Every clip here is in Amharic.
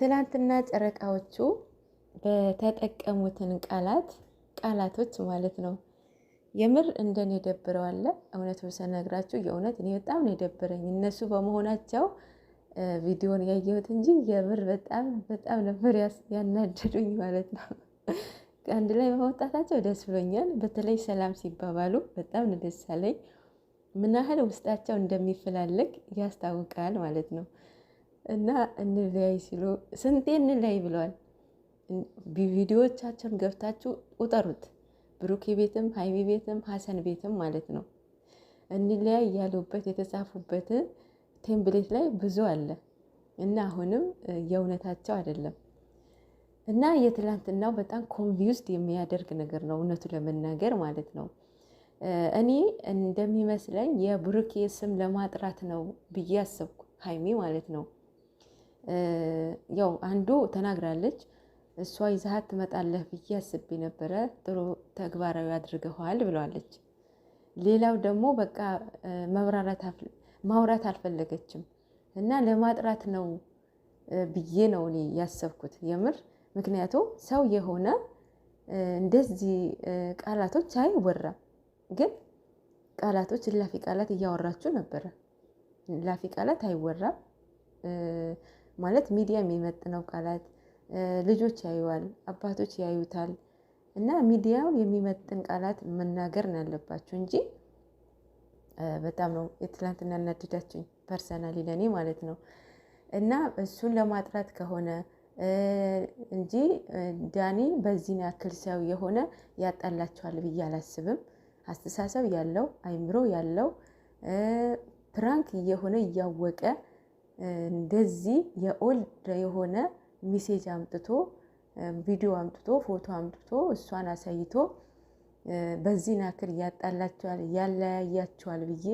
ትላንትና ጨረቃዎቹ በተጠቀሙትን ቃላት ቃላቶች ማለት ነው። የምር እንደኔ ደብረዋለ እውነት ብሰነግራችሁ የእውነት እኔ በጣም ነው የደብረኝ እነሱ በመሆናቸው ቪዲዮን ያየሁት እንጂ የምር በጣም በጣም ነበር ያናደዱኝ ማለት ነው። አንድ ላይ በመውጣታቸው ደስ ብሎኛል። በተለይ ሰላም ሲባባሉ በጣም ነው ደስ አለኝ። ምን ያህል ውስጣቸው እንደሚፈላለግ ያስታውቃል ማለት ነው። እና እንለያይ ሲሉ ስንቴ እንለያይ ብለዋል። ቪዲዮዎቻቸውን ገብታችሁ ቁጠሩት። ብሩኬ ቤትም ሀይሚ ቤትም ሀሰን ቤትም ማለት ነው። እንለያይ ያሉበት የተጻፉበት ቴምፕሌት ላይ ብዙ አለ እና አሁንም የእውነታቸው አይደለም እና የትላንትናው በጣም ኮንቪውስድ የሚያደርግ ነገር ነው፣ እውነቱ ለመናገር ማለት ነው። እኔ እንደሚመስለኝ የብሩኬ ስም ለማጥራት ነው ብዬ አሰብኩ፣ ሀይሚ ማለት ነው። ያው አንዱ ተናግራለች። እሷ ይዛሀት ትመጣለህ ብዬ አስቤ ነበረ፣ ጥሩ ተግባራዊ አድርገኋል ብለዋለች። ሌላው ደግሞ በቃ መብራራት ማውራት አልፈለገችም እና ለማጥራት ነው ብዬ ነው እኔ ያሰብኩት የምር። ምክንያቱም ሰው የሆነ እንደዚህ ቃላቶች አይወራም፣ ግን ቃላቶች እላፊ ቃላት እያወራችሁ ነበረ። ላፊ ቃላት አይወራም። ማለት ሚዲያ የሚመጥነው ቃላት ልጆች ያዩዋል፣ አባቶች ያዩታል። እና ሚዲያው የሚመጥን ቃላት መናገር ነው ያለባችሁ እንጂ በጣም ነው የትላንትና እናድዳችኝ ፐርሰናሊ ለእኔ ማለት ነው። እና እሱን ለማጥራት ከሆነ እንጂ ዳኒ በዚህን ያክል ሰው የሆነ ያጣላቸዋል ብዬ አላስብም። አስተሳሰብ ያለው አይምሮ ያለው ፕራንክ እየሆነ እያወቀ እንደዚህ የኦልድ የሆነ ሚሴጅ አምጥቶ ቪዲዮ አምጥቶ ፎቶ አምጥቶ እሷን አሳይቶ በዚህ ናክር እያጣላቸዋል ያለያያቸዋል ብዬ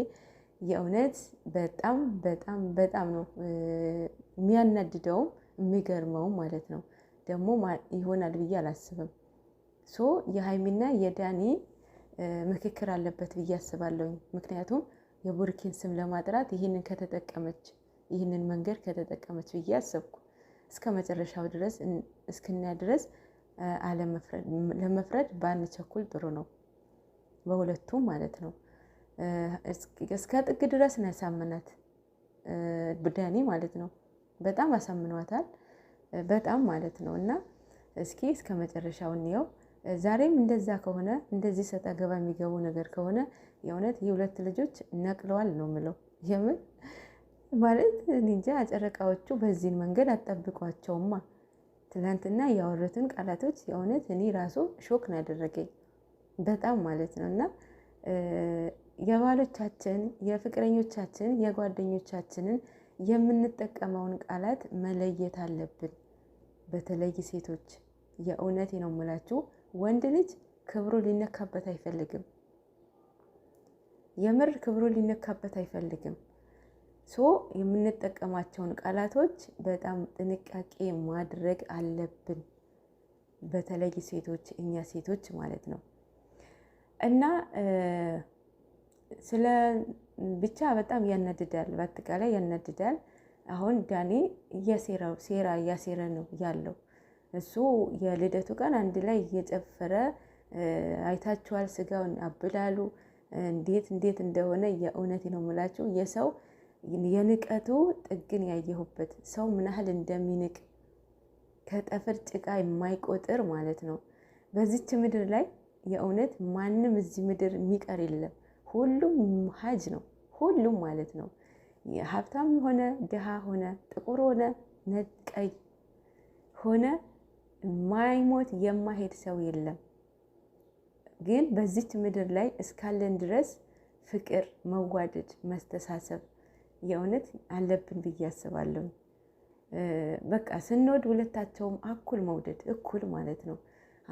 የእውነት በጣም በጣም በጣም ነው የሚያናድደውም የሚገርመው ማለት ነው። ደግሞ ይሆናል ብዬ አላስብም። ሶ የሀይሚና የዳኒ ምክክር አለበት ብዬ አስባለሁኝ። ምክንያቱም የቡርኪን ስም ለማጥራት ይህንን ከተጠቀመች ይህንን መንገድ ከተጠቀመች ብዬ አሰብኩ። እስከ መጨረሻው ድረስ እስክናያ ድረስ ለመፍረድ ባንቸኩል ጥሩ ነው። በሁለቱም ማለት ነው። እስከ ጥግ ድረስ ነው ያሳምናት ብዳኔ ማለት ነው። በጣም አሳምኗታል። በጣም ማለት ነው። እና እስኪ እስከ መጨረሻው እንየው። ዛሬም እንደዛ ከሆነ እንደዚህ ሰጣ ገባ የሚገቡ ነገር ከሆነ የእውነት የሁለት ልጆች ነቅለዋል ነው ምለው የምን ማለት እንጃ ጨረቃዎቹ በዚህን መንገድ አጠብቋቸውማ። ትናንትና ያወሩትን ቃላቶች የእውነት እኔ ራሱ ሾክ ነው ያደረገኝ በጣም ማለት ነው። እና የባሎቻችን፣ የፍቅረኞቻችን፣ የጓደኞቻችንን የምንጠቀመውን ቃላት መለየት አለብን። በተለይ ሴቶች የእውነት ነው የምላችሁ፣ ወንድ ልጅ ክብሩ ሊነካበት አይፈልግም። የምር ክብሩ ሊነካበት አይፈልግም። ሶ የምንጠቀማቸውን ቃላቶች በጣም ጥንቃቄ ማድረግ አለብን። በተለይ ሴቶች እኛ ሴቶች ማለት ነው እና ስለ ብቻ በጣም ያናድዳል። በአጠቃላይ ያናድዳል። አሁን ዳኔ እያሴራው ሴራ እያሴረ ነው ያለው። እሱ የልደቱ ቀን አንድ ላይ እየጨፈረ አይታችኋል። ስጋውን አብላሉ እንዴት እንዴት እንደሆነ የእውነት ነው የምላችሁ የሰው የንቀቱ ጥግን ያየሁበት ሰው ምን ያህል እንደሚንቅ ከጠፍር ጭቃ የማይቆጥር ማለት ነው። በዚች ምድር ላይ የእውነት ማንም እዚህ ምድር የሚቀር የለም። ሁሉም ሀጅ ነው። ሁሉም ማለት ነው። ሀብታም ሆነ ድሃ ሆነ ጥቁር ሆነ ነቀይ ሆነ ማይሞት የማሄድ ሰው የለም። ግን በዚች ምድር ላይ እስካለን ድረስ ፍቅር፣ መዋደድ፣ መስተሳሰብ የእውነት አለብን ብዬ አስባለሁ። በቃ ስንወድ ሁለታቸውም እኩል መውደድ እኩል ማለት ነው።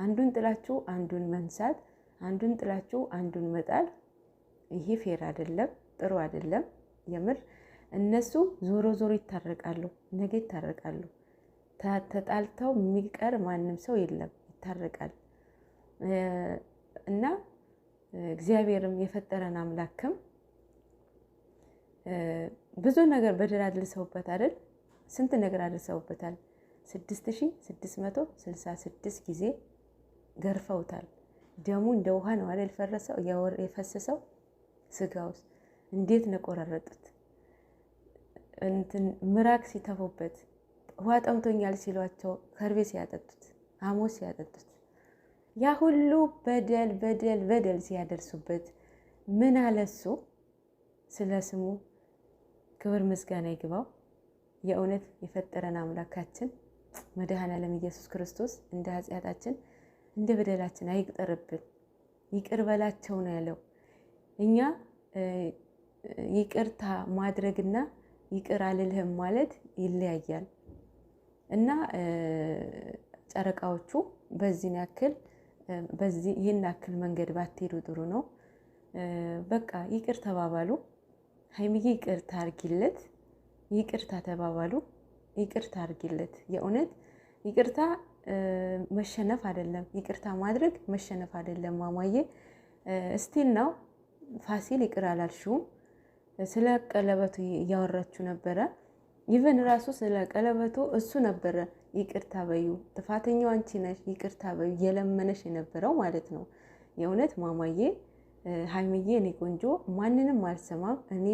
አንዱን ጥላችሁ አንዱን መንሳት፣ አንዱን ጥላችሁ አንዱን መጣል፣ ይሄ ፌር አይደለም፣ ጥሩ አይደለም። የምር እነሱ ዞሮ ዞሮ ይታረቃሉ፣ ነገ ይታረቃሉ። ተጣልተው የሚቀር ማንም ሰው የለም፣ ይታረቃል። እና እግዚአብሔርም የፈጠረን አምላክም ብዙ ነገር በደል አድርሰውበት አይደል? ስንት ነገር አድርሰውበታል። 6666 ጊዜ ገርፈውታል። ደሙ እንደ ውሃ ነው አይደል ፈረሰው የፈሰሰው ስጋ ውስጥ እንዴት ነው ቆረረጡት? እንትን ምራቅ ሲተፉበት፣ ውሃ ጠምቶኛል ሲሏቸው ከርቤ ሲያጠጡት፣ አሞስ ሲያጠጡት፣ ያ ሁሉ በደል በደል በደል ሲያደርሱበት ምን አለሱ ስለ ስሙ ክብር ምስጋና ይግባው። የእውነት የፈጠረን አምላካችን መድኃኔዓለም ኢየሱስ ክርስቶስ እንደ ኃጢአታችን እንደ በደላችን አይቅጠርብን፣ ይቅር በላቸው ነው ያለው። እኛ ይቅርታ ማድረግና ይቅር አልልህም ማለት ይለያያል እና ጨረቃዎቹ በዚህን ያክል በዚህ ይህን ያክል መንገድ ባትሄዱ ጥሩ ነው። በቃ ይቅር ተባባሉ። ሀይሚዬ ይቅርታ አርጊለት፣ ይቅርታ ተባባሉ፣ ይቅርታ አርጊለት። የእውነት ይቅርታ መሸነፍ አይደለም፣ ይቅርታ ማድረግ መሸነፍ አይደለም። ማማዬ እስቲል ነው ፋሲል ይቅር አላልሽውም። ስለ ቀለበቱ እያወራችሁ ነበረ። ይቨን ራሱ ስለ ቀለበቱ እሱ ነበረ ይቅርታ በዩ፣ ጥፋተኛው አንቺ ነሽ፣ ይቅርታ በዩ የለመነሽ የነበረው ማለት ነው። የእውነት ማማዬ ሀይምዬ እኔ ቆንጆ ማንንም አልሰማም፣ እኔ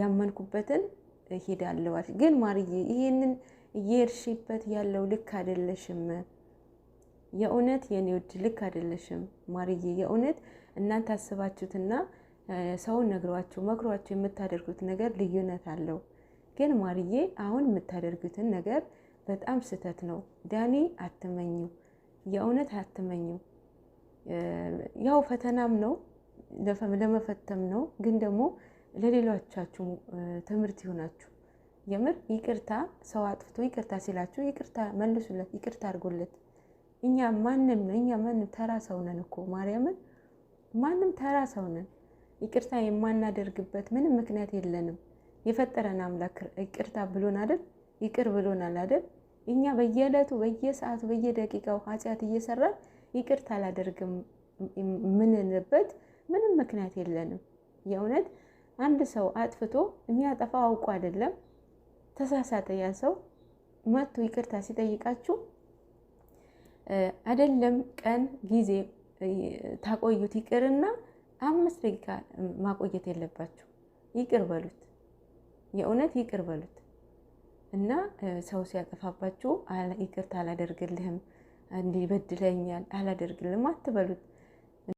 ያመንኩበትን እሄዳለሁ። ግን ማርዬ ይሄንን እየሄድሽበት ያለው ልክ አይደለሽም። የእውነት የኔ ውድ ልክ አይደለሽም ማርዬ። የእውነት እናንተ አስባችሁትና ሰውን ነግሯችሁ መክሯችሁ የምታደርጉት ነገር ልዩነት አለው። ግን ማርዬ አሁን የምታደርጉትን ነገር በጣም ስህተት ነው። ዳኒ አትመኙ፣ የእውነት አትመኙ። ያው ፈተናም ነው ለመፈተም ነው፣ ግን ደግሞ ለሌሎቻችሁ ትምህርት ይሆናችሁ። የምር ይቅርታ ሰው አጥፍቶ ይቅርታ ሲላችሁ ይቅርታ መልሱለት፣ ይቅርታ አድርጎለት። እኛ ማንም ነው እኛ ማንም ተራ ሰው ነን እኮ ማርያምን፣ ማንም ተራ ሰው ነን። ይቅርታ የማናደርግበት ምንም ምክንያት የለንም። የፈጠረን አምላክ ይቅርታ ብሎን አደል ይቅር ብሎናል አደል። እኛ በየዕለቱ በየሰዓቱ በየደቂቃው ኃጢአት እየሰራን ይቅርታ አላደርግም የምንልበት ምንም ምክንያት የለንም። የእውነት አንድ ሰው አጥፍቶ የሚያጠፋው አውቆ አይደለም ተሳሳተ፣ ያ ሰው መጥቶ ይቅርታ ሲጠይቃችሁ አይደለም ቀን ጊዜ ታቆዩት ይቅርና አምስት ደቂቃ ማቆየት የለባችሁ። ይቅር በሉት፣ የእውነት ይቅር በሉት እና ሰው ሲያጠፋባችሁ ይቅርታ አላደርግልህም እንዲህ በድለኛል አላደርግልም አትበሉት።